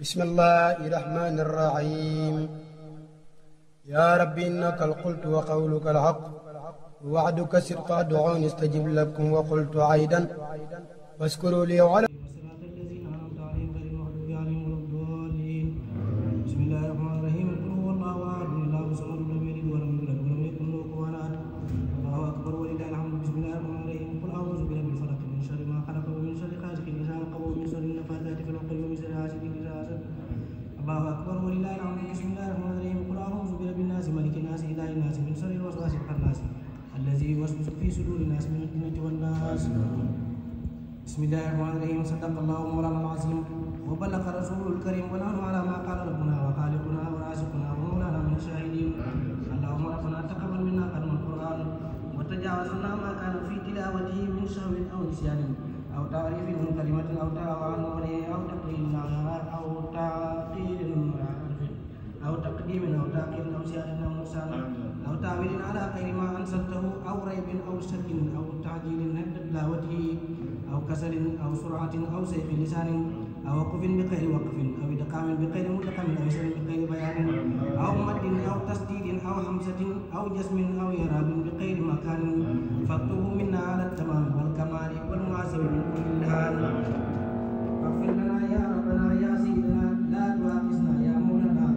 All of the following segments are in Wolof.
بسم الله الرحمن الرحيم يا رب إنك القلت وقولك الحق وعدك صدقا دعوني استجب لكم وقلت عيدا فاشكروا لي على رسوله الكريم ونحن على ما قال ربنا وخالقنا ورازقنا ومولانا من الشاهدين اللهم ربنا تقبل منا قدم القرآن وتجاوز عنا ما كان في تلاوته من سهو أو نسيان أو تعريف من كلمة أو تاوان أو تقليل أو تعقيل أو تقديم أو تعقيل أو زيادة أو نقصان أو تعويل على غير ما أنزلته أو ريب أو شك أو تعجيل عند تلاوته أو كسل أو سرعة أو سيف لسان أو وقف بغير وقف أو إدغام بغير مدغم أو اسم بغير بيان أو مد أو تسديد أو همزة أو جسم أو إعراب بغير مكان فاكتبه منا على التمام والكمال والمعزب من كل لهان اغفر لنا يا ربنا يا سيدنا لا تؤاخذنا يا مولانا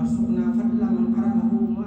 ارزقنا فضل من قرأه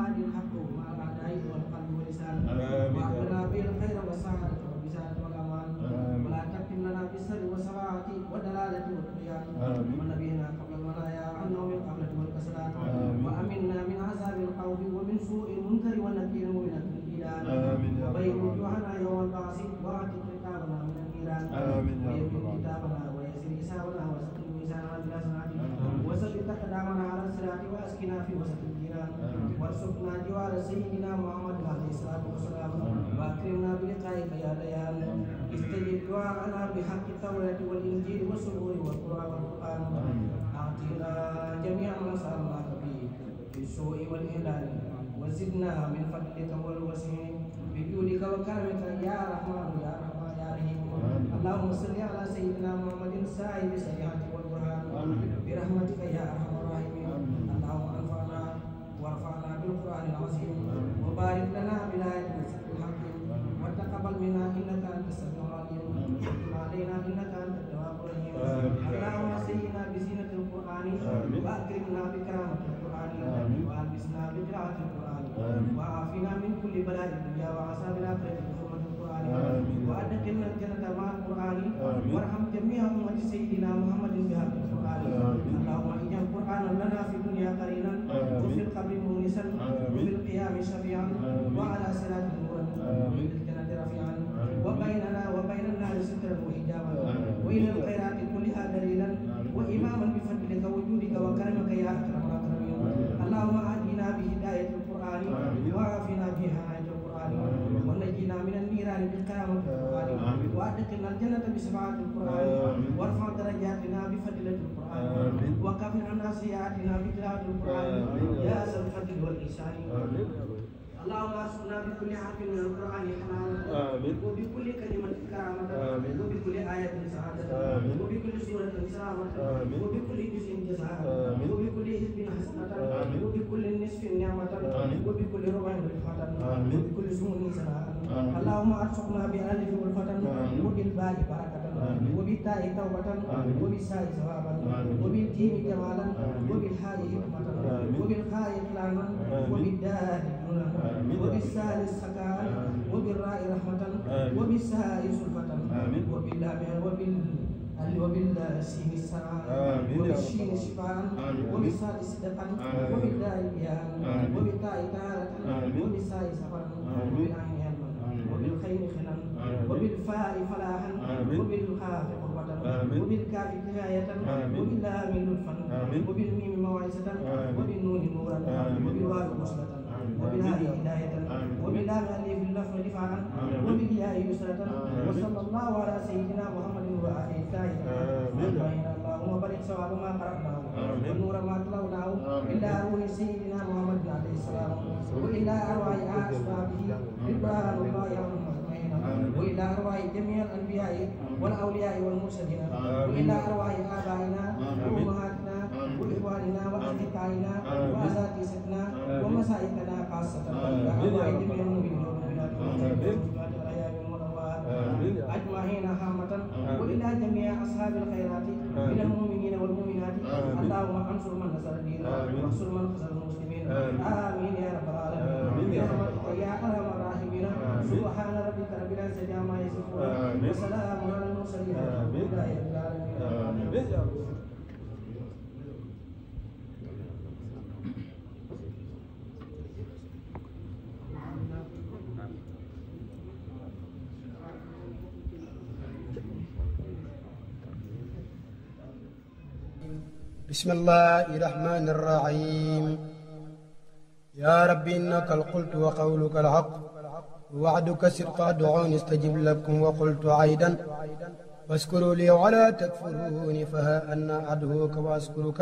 بالسوء والإهلال وزدنا من فضلك والوسع بجودك وكرمك يا رحمن يا رحمن يا رحيم اللهم صل على سيدنا محمد سائر السيئات والبرهان برحمتك يا أرحم الراحمين اللهم أنفعنا وارفعنا بالقرآن العظيم وبارك لنا بالآية الحكيم وتقبل منا إنك أنت السميع العليم وعافنا من كل بلاء الدنيا وعذاب الآخرة بحرمة القرآن وأدخلنا الجنة مع القرآن وارحم جميع أمة سيدنا محمد بهذا القرآن اللهم اجعل القرآن لنا في الدنيا قرينا وفي القبر مونسا وفي القيام شفيعا وعلى صراط وأدخلنا الجنة بسماعة القرآن وارفع درجاتنا بفضيلة القرآن وكفر عنا سيئاتنا بتلاوة القرآن يا ذا الفضل والإحسان اللهم ارزقنا بكل حرف من القران حلاوه وبكل كلمه كرامه وبكل ايه سعاده وبكل سوره سراوه وبكل جزء جزاء وبكل حزب حسنه وبكل نصف نعمه وبكل ربع رفعه وبكل سمن سراء اللهم ارزقنا بالالف غرفه وبالباء بركه وبالتاء توبه وبالساء ثوابا وبالجيم جمالا وبالحاء حكمه وبالخاء اقلاما وبالدال وبالسهل السكان وبالراء رحمة وبالسهل زلفة وباللام وبال وبالسين السراء وبالشين شفاء وبالصاد صدقا وبالداء بيان وبالتاء تارة وبالساء سفرا وبالعين وبالخير خلا وبالفاء فلاحا وبالخاف قربة وبالكاف كفاية وباللام لطفا وبالميم موعظة وبالنون مغردا وبالواو بشرة وبهذه هداية وبالنافع في اللفظ دفاعا وبالإله يسرة وصلى الله على سيدنا محمد وآله الطاهرين اللهم بارك سواد ما قرأناه ونور ما تلوناه إلا روح سيدنا محمد عليه السلام وإلا أرواح أصحابه رضوان الله عليهم أجمعين وإلى أرواح جميع الأنبياء والأولياء والمرسلين وإلى أرواح آبائنا وأمهاتنا خاصة وأيدي المؤمنين والمؤمنات والمؤمنات والأحياء منهم أجمعين عامة وإلى جميع أصحاب الخيرات من المؤمنين والمؤمنات اللهم أنصر من نصر الدين واخسر من خسر المسلمين آمين يا رب العالمين يا أرحم الراحمين سبحان ربك رب العزة عما يصفون وسلام على المرسلين الحمد لله رب العالمين بسم الله الرحمن الرحيم يا ربي إنك القلت وقولك الحق ووعدك صدق ادعوني استجب لكم وقلت عيدا واشكروا لي ولا تكفروني فها أنا أدعوك وأشكرك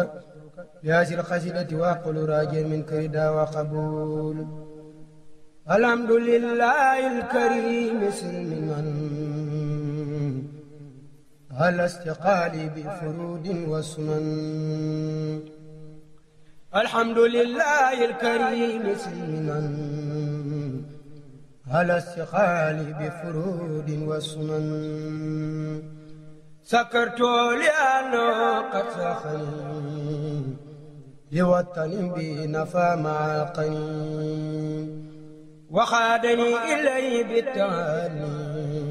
لهذه القصيدة وأقول راجيا منك ردا وقبول الحمد لله الكريم سلم على استقالي بفرود وسنن الحمد لله الكريم سلما على استقالي بفرود وسنن سكرت لأنه قد سخني لوطن بي نفى معاقني وخادني إليه بالتهاني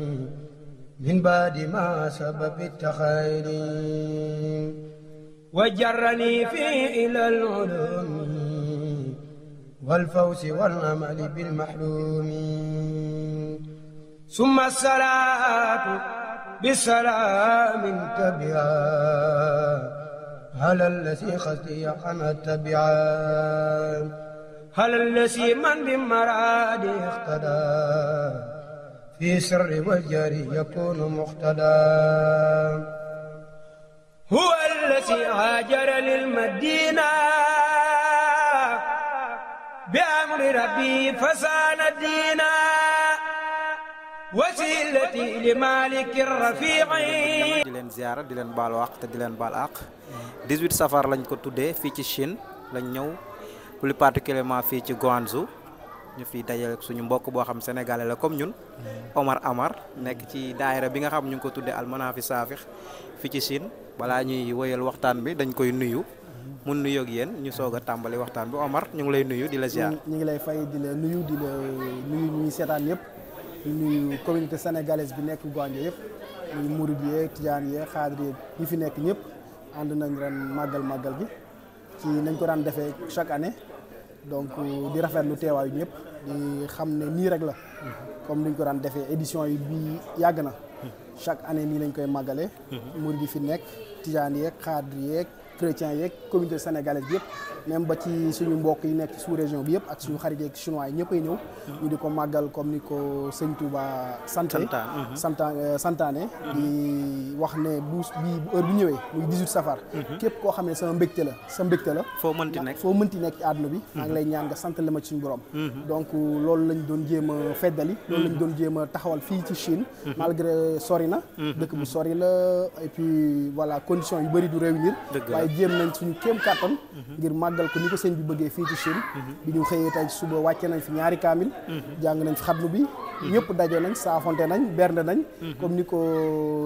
من بعد ما سبب التخير وجرني في إلى العلوم والفوز والأمل بالمحلوم ثم الصلاة بسلام تبعا على الذي خطي أنا تبعا هل الذي من بمراد اقتدى في سر والجار يكون مقتدا هو الذي هاجر للمدينة بأمر ربي فسان الدين وسيلتي لمالك الرفيع di leen ziara di leen baal waq te di leen baal àq 18 safar lañ ko tuddee fii ci Chine lañ ñëw plus particulièrement fii ci Guangzhou ñu fi dajale suñu mbokk boo xam sénégalais la comme ñun Omar Amar nekk ci daayira bi nga xam ñu ngi ko tuddee almanaafi saafix fi ci Chine balaa ñuy woyal waxtaan bi dañ koy nuyu mu nuyu ak yéen ñu soog a tàmbali waxtaan bi Omar ñu ngi lay nuyu di la ziar. ñu ngi lay fay di la nuyu di la nuyu ñu seetaan yëpp ñu nuyu communauté sénégalaise bi nekk Guandio yëpp ñu murid yee tijaan yee xaadir yee ñi fi nekk ñëpp ànd nañ ren màggal màggal bi ci nañ ko daan defee chaque année donc euh, di rafetlu teewaayu ñëpp di xam ne nii rek la comme ni ñu ko daan defee édition yi bii yàgg na chaque année nii lañ koy màggale mhm. murid yi fi nekk tijaan yeeg xaadir yeeg chrétiens yeeg communauté sénégalaise bi yëpp même ba ci suñu mbokk yi nekk sous région bi yëpp ak suñu xarit yeeg chinois yi ñëpp ñëw ñu di ko màggal comme ni ko sëñ Touba santé uh-huh. santa euh, santaane di wax ne bu bu heure bu ñëwee muy 18 safar uh-huh. képp koo xam ne sama mbégte la sa mbégte la foo mënti nekk foo mënti nekk ci àdduna bi maa ngi lay uh-huh. ñaan nga sant la ma ci suñu borom donc loolu lañ doon jéem a feddali loolu lañ doon jéem a taxawal fii ci Chine malgré sori na dëkk bu sori la et puis voilà condition yu bëri du waaye jéem nañ suñu kéem kàttan ngir màggal ko ni ko sëñ bi bëggee fii ci Chine bi ñu xëyee tey suba wàcce nañ fi ñaari kaamil jàng nañ fi xatlu bi ñëpp daje nañ saafonte nañ bernde nañ comme ni ko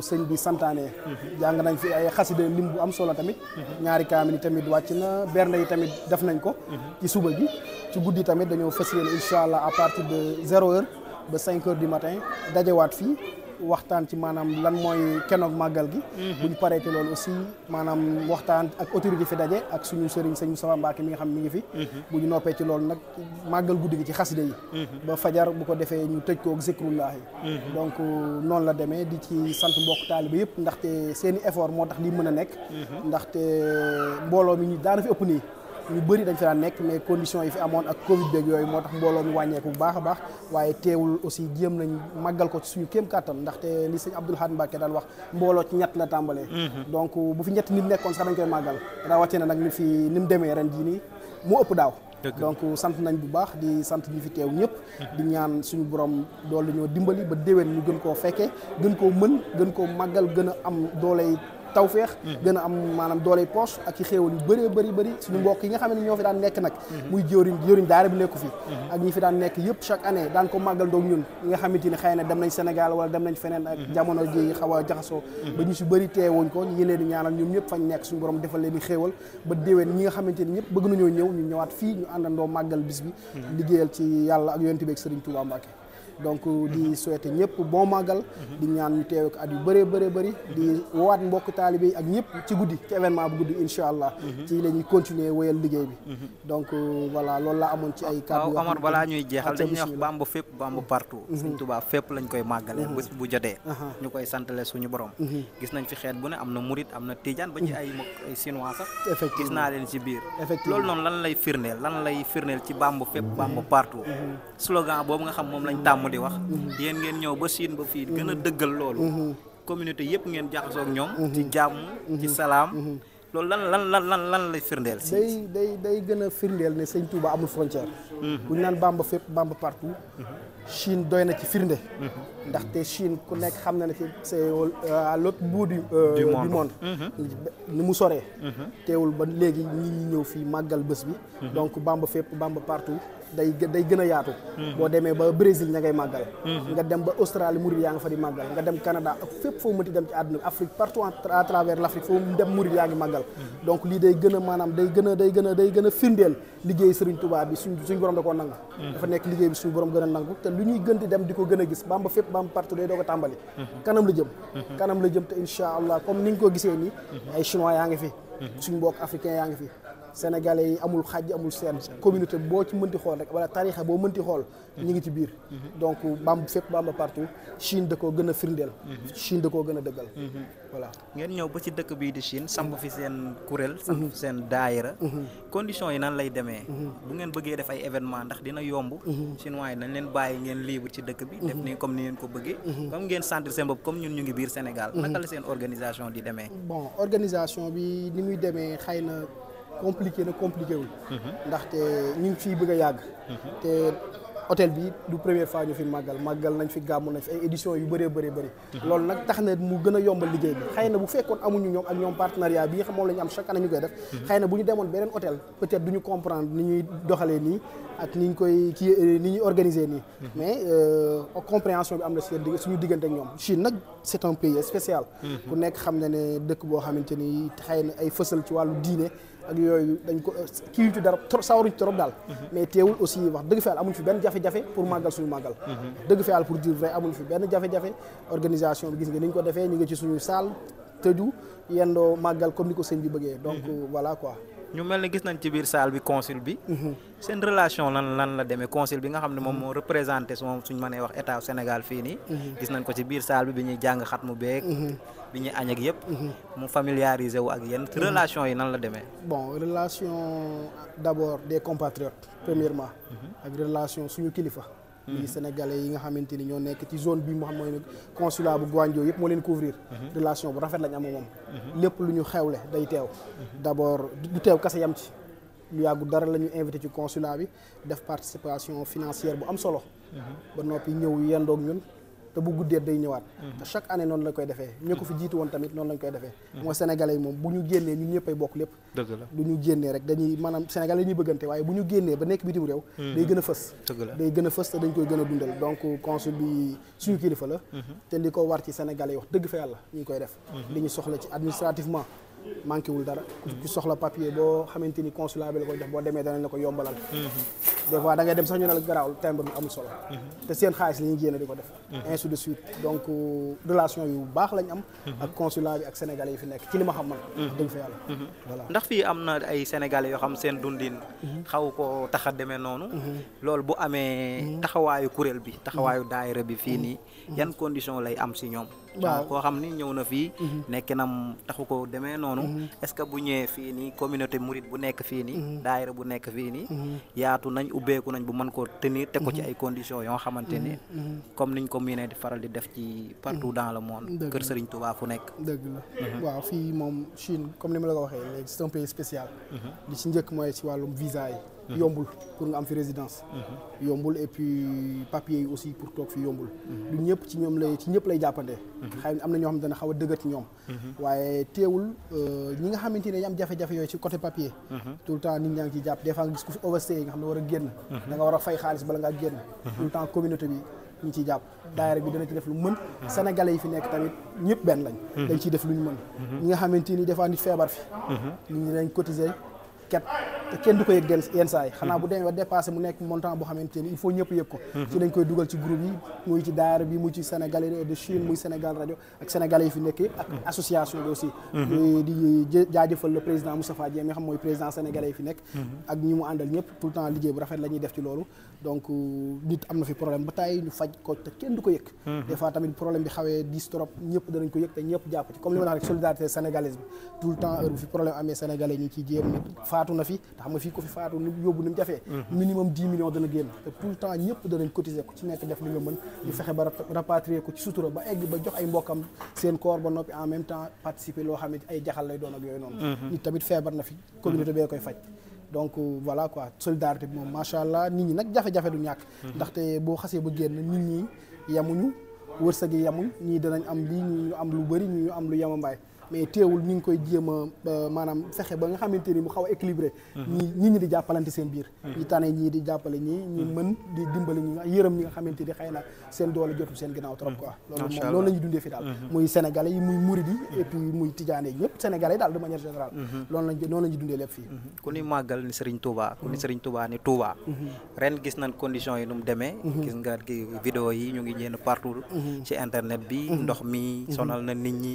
sëñ bi santaane jàng nañ fi ay xasida lim bu am solo tamit ñaari kaamil yi tamit wàcc na bernde yi tamit def nañ ko ci suba bi ci guddi tamit dañoo fas yéene incha allah à partir de zéro heure ba cinq heures du matin dajewaat fii waxtaan ci maanaam lan mooy kenoog màggal gi mhm. bu ñu paree ci loolu aussi maanaam waxtaan ak autorité fi daje ak suñu sëriñ sëñ Moustapha Mbacké mi nga xam mu ngi fi mhm. bu ñu noppee ci loolu nag màggal guddi gi ci xasida yi mhm. ba fajar bu ko defee ñu tëj koog zikrullahi donc euh, noonu la demee di ci sant mbokk taaliba yëpp ndaxte seeni effort moo tax lii mën a nekk ndaxte euh, mbooloo mi ñu daana fi ëpp nii yu bëri dañ fi daan nekk mais conditions yi fi amoon ak Covid beeg yooyu moo tax mbooloo mi wàññeeku bu baax a baax waaye teewul aussi jéem nañ màggal ko ci suñu kéem kàttan ndaxte li sëñ Abdoul Ahad Mbacké daan wax mbooloo ci ñett la tàmbalee. Mhm. donc bu fi ñett nit nekkoon sax dañ koy màggal rawatina nag ni fi ni mu demee ren jii nii moo ëpp daaw. donc sant nañ bu baax di sant ñi fi teew ñëpp. Mhm. di ñaan suñu borom doole ñoo dimbali ba déwén ñu gën koo fekkee gën koo mën gën koo màggal gën a am doole tawféex hmm. gën a am maanaam doole poche ak i xéewal yu bëree bëri bëri suñu hmm. mbokk yi nga xam ne ñoo fi daan nekk nag hmm. muy jëwriñ jëwriñ daara bi nekku fi ak ñi fi daan nekk yëpp chaque année daan ko màggal ndoog nga xamante ne xëy na dem nañ Sénégal wala dem nañ feneen ak jamono ji xaw a jaxasoo ba ñu si bëri teewuñ ko ñu leen di ñaanal ñoom ñëpp fañ nekk suñu borom defal leen di xéewal ba déwén ñi nga xamante ne ñëpp bëgg nañoo ñëw ñu ñëwaat fii ñu àndandoo màggal bis bi liggéeyal ci yàlla ak yonent bi ak Sëriñ Tuubaa Mbàkke donc di souhaiter ñëpp bon màggal di ñaan ñu teew ak at yu bëree bëree bëri di woowaat mbokk taalibe ak ñëpp ci guddi ci événement bu guddi incha allah mhm. ci la ñuy continuer wéyal liggéey bi mhm. donc euh, voilà loolu laa amoon ci ay kàddu waaw Omar balaa ñuy jeexal dañuy wax Bamba fépp mhm. koy màggale bés bu jotee ñu koy santale suñu borom gis nañ fi xeet bu ne am na murit am na tijaan ba ci ay ay chinois sax effectivement gis naa leen ci biir loolu noonu lan lay ci Bamba partout slogan boobu nga xam moom lañ tàmm di wax yéen ngeen ñëw ba Chine ba fii gën a dëggal loolu communauté yëpp ngeen jaxasoo ak ñoom ci jàmm ci salaam loolu lan lan la lan lan lay firndeel si day day day gën a firndeel ne sëñ Touba amul frontière bu ñu naan Bamba fépp Bamba partout Chine doy na ci firnde ndaxte Chine ku nekk xam na ne fi c'est euh, à l'autre bout du euh, du monde ni mu soree mhm. teewul ba léegi nit ñëw fii màggal bés bi mhm. donc Bamba fépp Bamba partout day day gën a yaatu hmm. boo demee ba Brésil ña ngay màggal hmm. nga dem ba Australie murid yaa nga fa di màggal nga dem Canada ak foo mënti dem ci àdduna bi Afrique partout à travers l' Afrique foo dem murid yaa ngi màggal hmm. donc lii day gën a maanaam day gën a day gën a day gën a firndeel liggéey Sëriñ Tuubaa bi suñ suñ borom da koo nangu dafa nekk liggéey bi suñu borom gën a nangu te lu ñuy gën di dem di ko gën a gis Bamba fépp Bamba partout day doog a tàmbali kanam la jëm kanam la jëm te incha allah comme ni nga ko gisee nii ay yaa ngi fi suñ mbokk africain yaa ngi fi sénégalais yi amul xaaj amul seen communauté boo ci mënti xool rek wala tarixa boo mënti xool ñu ngi ci biir donc bamba fépp bamba partout Chine da koo gën a firndeel Chine da koo gën a dëggal voilà ngeen ñëw ba ci dëkk bii di Chine samp fi seen kuréel samp seen daayira condition yi nan lay demee bu ngeen bëggee def ay événement ndax dina yomb chinois yi nañ leen bàyyi ngeen libre ci dëkk bi def ni comme ni ngeen ko bëggee comme ngeen sentir seen ñu ngi biir Sénégal compliqué na compliqué wul. Mhm. ndaxte ñu ngi fiy bëgg a yàgg. Mhm. te hôtel bi du première fois ñu fi màggal màggal nañ fi gàmmu nañ fi ay édition yu bëree bëri bëri. Mhm. lool nag tax na mu gën a yombal liggéey bi xëy na bu fekkoon amuñu ñoom ak ñoom partenariat bi nga xam moom la am chaque année ñu koy def. xëy na bu ñu demoon beneen hôtel peut-être du ñu comprendre ni ñuy doxalee nii. ak ni ñu koy ci euh, ni ñuy organiser nii. mais euh, compréhension bi am na seen suñu diggante ak ñoom. Chine nag c' est un pays nekk xam na ne dëkk boo xamante ni xëy na ay fësal ci wàllu diine. ak yooyu dañ ko kii ci dara trop sawaruñ trop daal mhm. mais teewul aussi wax dëgg fa yàlla amuñ fi benn jafe-jafe pour màggal suñu màggal mhm. dëgg fa yàlla pour dire vrai amuñ fi benn jafe-jafe organisation bi gis nga ni ko defee ñu ngi ci suñu salle tëju yendoo màggal comme ni ko sëñ bi bëggee donc mhm. voilà quoi ñu mel ni gis nañ ci biir salle bi consul bi. Mhm. seen relation lan lan la demee consul bi nga xam ne moom moo représenté moom suñ mënee wax état Sénégal fii nii. Mhm. gis nañ ko ci biir salle bi bi ñuy jàng xat mu beeg. Mhm. bi ñuy añ ak yëpp. mu familiarisé wu ak yéen. relation yi nan la demee. bon relation d' abord des compatriotes. premièrement. ak relation suñu kilifa. Mm-hmm. lii sénégalais yi nga xamante ni ñoo nekk ci zone bi mu xam mooy consulat bu Guangzhou yëpp moo leen couvrir mm-hmm. relation bu rafet lañ am moom mm-hmm. lépp lu ñu xewle day teew d'abord du teew kase yam ci lu yàggu dara la ñu invité ci consulat bi def participation financière bu am solo ba noppi ñëw yendoog ñun te bu guddee day ñëwaat te chaque année noonu lañ koy defee ñoo ko fi jiitu woon tamit noonu lañ koy defee mooy sénégalais yi moom bu ñu génnee ñun ñëppay bokk lépp dëgg génnee rek dañuy maanaam sénégalais ñuy bëggante waaye bu ñu génnee ba nekk bitim réew hmm. day gën a fës day gën a fës te dañ koy gën a dundal donc consul bi suñu kilifa la hmm. te li ko war ci sénégalais yi wax dëgg fa yàlla ñu ngi koy def hmm. li ñu soxla ci administrativement manqué wul dara. ku soxla papier boo xamante ni consulat bi la koy jox boo demee danañ la ko yombalal. Mhm. des fois da ngay dem sax ñu ne la garaawul timbre bi solo. Mhm. te xaalis la ñuy génne di ko def. Mhm. ainsi donc euh, relation yu baax lañ am. ak consulat bi yi fi nekk ci li xam man. dëgg voilà ndax fii am na ay sénégalais yoo xam seen dundin. xaw ko tax a demee noonu. loolu bu amee taxawaayu kuréel bi taxawaayu daayira bi fii nii. yan condition lay am si ñoom. waaw koo xam ni ñëw na fii mhm. nekkinam taxu ko demee noonu mhm. est-ce que bu ñëwee fii nii communauté mouride bu nekk fii ni mhm. daayira bu nekk fii nii yaatu nañ ubbeeku nañ bu man ko tenir te ko ci ay condition yoo xamante ni comme niñ ko miinee di faral di def ci partout dans le monde kër Serigne Touba fu nekk dëgg la waaw fii moom Chine comme ni ma la ko waxee léegi c'est un pays spécial li ci njëkk mooy ci wàllum visa yi yombul pour nga am fi résidence mhm. yombul et puis papier yi aussi pour toog fi yombul du mhm. ñëpp ci ñoom lay ci ñëpp lay jàppandee mhm. xëy na am na ñoo xam ne dana xaw a dëgër ci ñoom waaye teewul euh, ñi nga xamante ne am jafe-jafe yooyu ci côté papier tout le temps nit ñaa ngi ciy jàpp des fois a génn a fay xaalis bala ngaa génn tout le temps communauté bi ñu ciy jàpp daayira dana ci def lu mën sénégalais yi fi nekk tamit ñëpp benn lañ dañ ci def lu ñu mën ñi nga xamante ni des fois nit feebar fi nit ñi dañ cotiser ket te kenn du ko yëg den yenn saa xanaa bu demee ba dépassé mu nekk montant boo xamante ni il faut ñëpp yëg ko ci lañ koy dugal ci groupe yi muy ci daara bi muy ci Sénégal de ak sénégalais yi fi nekk yëpp ak mm-hmm. association aussi mm-hmm. di jaajëfal le président Moustapha Dieng mi xam président sénégalais yi fi nekk mm-hmm. ak mu àndal ñëpp tout le temps liggéey bu rafet la def ci loolu donc euh, nit am na fi problème ba tey ñu faj ko te kenn du ko yëg des tamit problème bi xawee dis trop ñëpp danañ ko yëg te ñëpp jàpp ci comme li ma naan rek solidarité sénégalaise bi tout le temps heure bu fi problème amee sénégalais ñu ciy na fi xam nga fii ko fi faatu lu yóbbu ni mu jafee mhm. minimum dix millions dana génn te tout le temps ñëpp danañ cotiser ku ci nekk def li nga mën ñu fexe ba rapatrier ko ci sutura ba egg ba jox ay mbokkam seen corps ba noppi en même temps participer loo xam ne ay jaxal lay doon ak yooyu noonu mhm. nit tamit feebar na fi communauté bee koy faj donc euh, voilà quoi solidarité bi moom macha allah nit ñi nag jafe-jafe du ñàkk mhm. ndaxte boo xasee ba génn nit ñi yemuñu wërsëg yi yemuñ ñii danañ am lii am lu bëri ñu am lu yemambaay mais teewul ñu ngi koy jéem a maanaam fexe ba nga xamante ni mu xaw a équilibré ñi ñi di jàppalante seen biir ñi tane ñii di jàppale ñii ñu mën di dimbali ñu yërëm ñi nga xamante ni xëy na seen doole jotul seen ginnaaw trop quoi loolu la ñuy dundee fi daal muy sénégalais yi muy murid ñëpp sénégalais yi daal de manière générale loolu lañ noonu la ñuy dundee lépp fii ku ni màggal ni Serigne Touba ku ni Serigne Touba ni Touba ren gis nañ condition yi nu mu demee gis nga vidéo yi ñu ngi ñeen partout ci internet bi ndox mi sonal na nit ñi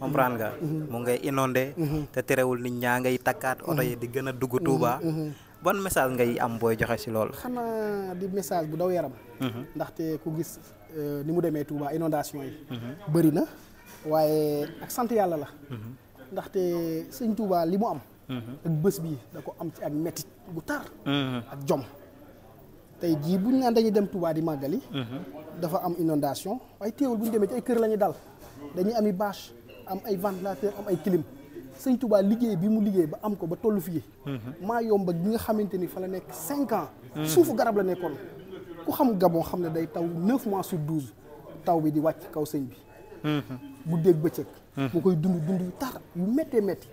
comprendre nga la mu ngay inondé mhm. te terewul nit ñaa ngay takkaat oto yi di gën a dugg Touba mhm, mhm. ban message ngay am booy joxe si loolu xanaa di message bu daw yaram ndaxte ku gis euh, ni mu demee Touba inondation yi bëri na waaye ak sant yàlla la ndaxte sëñ Touba li mu am ak bés bii da ko am ci ak métit gu tar ak jom tey jii bu ñu naan dañuy dem Touba di màggali dafa am inondation waaye teewul bu demee ci ay kër la dal dañuy ami bâche am ay ventilateur am ay clim sëñ Touba liggéey bi mu liggéey ba am ko ba tollu fii. Mhm. maa yomb ak nga xamante ni fa la nekk cinq ans. Mhm. suufu garab la nekkoon ku xam Gabon xam ne day taw neuf mois sur douze taw bi di wàcc kaw sëñ bi. bu mhm. dégg bëccëg. mu koy dund dund yu tar yu méttee métti.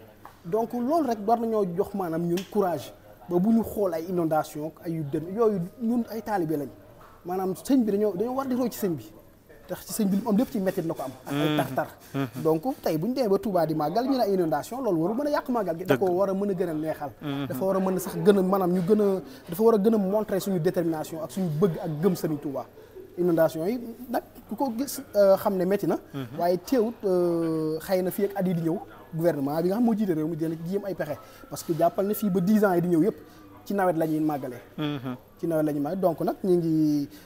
donc loolu rek war nañoo jox maanaam ñun courage ba bu ñu xool ay inondation ay yu dem yooyu ñun ay taalibe lañ maanaam sëñ bi dañoo dañoo war di roy ci sëñ bi. tax ci sëñ bi lu am lépp ci métit la ko am ak ay mm. tartar mm-hmm. donc tey bu ñu demee ba Touba di màggal ñu ne inondation loolu warul mën a yàq màggal gi da ko war a mën a gën a mm-hmm. dafa war a mën a sax gën a maanaam ñu gën a dafa war a gën a montrer suñu détermination ak suñu bëgg ak gëm sëriñ Touba inondation yi nag ku ko gis euh, xam ne métti na mm-hmm. waaye teewut euh, xay na fii ak at yi di ñëw gouvernement bi nga xam moo jiite réew mu dina ci jéem ay pexe parce que jàppal ne fii ba dix ans yi di ñëw yëpp ci nawet la ñuy màggalee ci nawet nag ñu ngi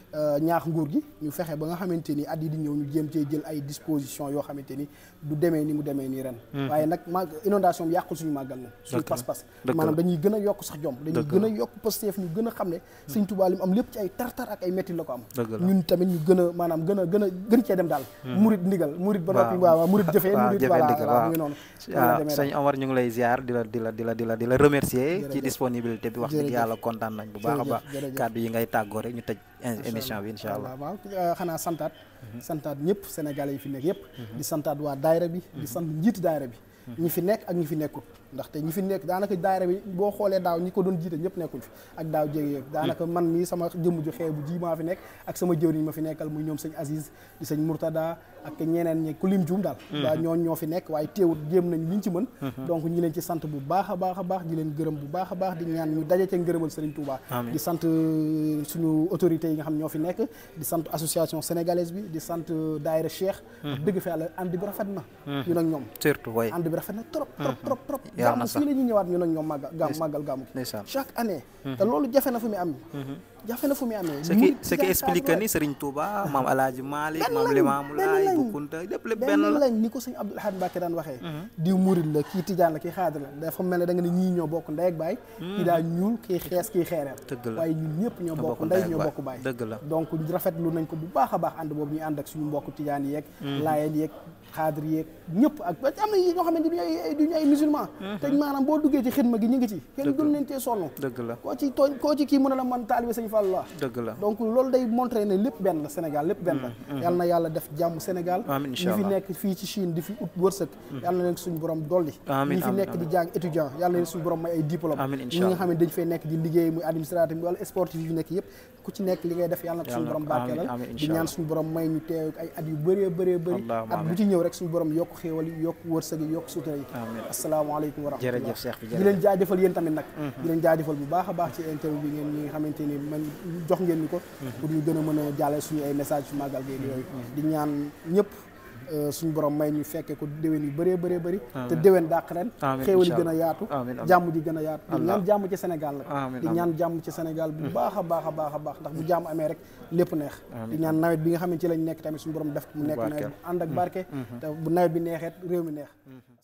Euh, ñaax nguur gi ñu fexe ba nga xamante ni at yi di ñëw ñu jéem cee jël ay disposition yoo xamante ni du demee ni mu demee nii ren hmm. waaye nag ma inondation bi yàqul suñu màggal na suñu pas-pas maanaam dañuy gën a yokk sax a yokk positif ñu gën a xam ne Sëñ mu am lépp ci ay tartar ak ay metti la ko am ñun tamit ñu gën a maanaam gën a gën a gën cee dem daal hmm. murit ndigal murit ba noppi waaw waaw murit jëfee murit voilà waaw noonu ah, sëñ Omar ñu ngi lay ziar di la di la di la di la di la remercier ci disponibilité bi wax dëgg yàlla kontaan nañ bu baax a baax kàddu yi ngay tàggoo rek ñu tëj émission bi incha allah waaw euh, xanaa santaat santaat ñëpp sénégalais yi fi nekk yëpp di santaat waa sant njiit daayira bi ñi fi nekk ak ñi fi nekkul ndaxte ñi fi nekk daanaka daayira bi boo xoolee daaw ñi ko doon jiite ñëpp nekkul fi ak daaw jége daanaka man mii sama jëmm ju xeebu ji maa fi nekk ak sama jëwriñ ma fi nekkal muy ñoom sëñ Aziz di sëñ Murtada ak ñeneen ñi ku lim juum daal hmm. waa ñooñ ñoo fi nekk waaye teewut jéem nañ liñ ci mën hmm. donc ñi leen ci sant bu baax a baax a baax di leen gërëm bu a baax di ñaan ñu daje ca ngërëmal Sëriñ Touba di sant euh, suñu autorités yi nga xam ñoo fi nekk di sant association sénégalaise bi di sant daayira Cheikh. Hmm. dëgg fa yàlla ànd bi rafet na. Hmm. ñu nag ñoom. surtout waay ànd bi rafet na trop trop hmm. trop trop. yaa na sax ñëwaat ñu nag ñoom màggal gàmmu màggal gàmmu. chaque année. te loolu jafe na fu mu am. jafe na fu muy amee. ce qui ce qui explique que ni Serigne Touba maam El Hadj Malick maam Limaamu Laay bu Kunta lépp lépp benn la ni ko sëñ Abdoul Ahad Mbacké daan waxee. Mhm. diw murid la kii tijaan la kii xaadir la dafa mel ne da nga ne ñii ñoo bokk ndey ak baay. Mhm. kii daa ñuul kii xees kii xeereer. dëgg la waaye ñun ñëpp ñoo bokk ndey ñoo bokk baay. dëgg la donc rafetlu nañ ko bu baax a baax ànd boobu ñu ànd ak suñu mbokk tijaan yeeg. Mhm. laayeen yeeg xaadir yeeg ñëpp ak am na ñoo xamante duñu ay duñu ay musulman mhm. te maanaam boo duggee ci xidma gi ñu ngi ci sonn dëgg la koo ci a la day montré lépp benn la Sénégal lépp benn la mhm. yàlla na yàlla def jàmm Sénégal ñi fi nekk fii ci Chine di fi ut wërsëg mhm. yàlla na suñu borom dolli ñi fi nekk di jàng étudiant yàlla na suñu borom may ay diplôme ñi nga xam ne dañ fay nekk di liggéey muy administratif bi wala may ñu teew ay at yu bëree bëree bëri ñëw rek suñu borom yokk xéewal yi yokk wërsëg yi yokk sutura yi asalaamaaleykum wa rahmatulah jërëjëf Cheikh bi di leen jaajëfal yéen tamit nag mm-hmm. di leen jaajëfal bu baax a baax ci interview bi ngeen ñi nga xamante ni man jox ngeen ñu ko mm-hmm. pour ñu gën a mën a jàllale suñu ay message su màggal gi yooyu mm-hmm. di ñaan ñëpp Euh, suñu borom may ñu fekkee ko déwén yu bëree bëree bëri te déwén dàq ren xéewal yi gën a yaatu jàmm ji gën a yaatu di ñaan jàmm ci Sénégal la di ñaan jàmm ci Sénégal bu mm. baax a baax a baax a baax ndax bu jàmm amee rek lépp neex di ñaan nawet bi nga xam ne ci lañ nekk tamit suñu borom def mu nekk nawet bu ànd ak mm. barke mm-hmm. te bu nawet bi neexeet réew mi neex mm-hmm.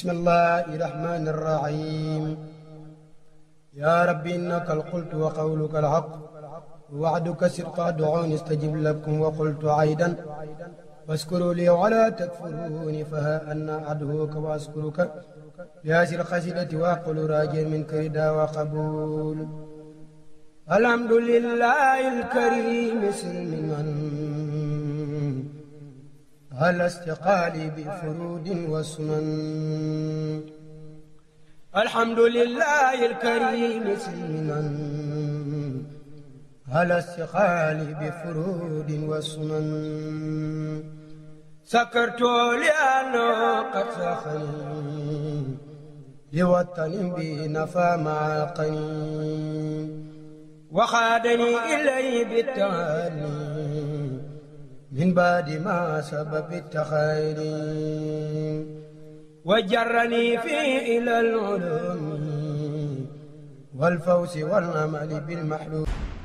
بسم الله الرحمن الرحيم يا ربي إنك القلت وقولك الحق ووعدك صدق ادعوني استجب لكم وقلت عيدا واشكروا لي ولا تكفروني فها أنا أدعوك وأشكرك بهذه القصيدة وأقول راجيا منك ردا وقبول الحمد لله الكريم سلما على استقالي بفرود وسنن الحمد لله الكريم سلما على استقالي بفرود وسنن سكرت لأنه قد سخني لوطن بي نفى مع القني وخادني إليه بالتهاني من بعد ما سبب التخير وجرني فيه إلى العلوم والفوز والأمل بالمحلول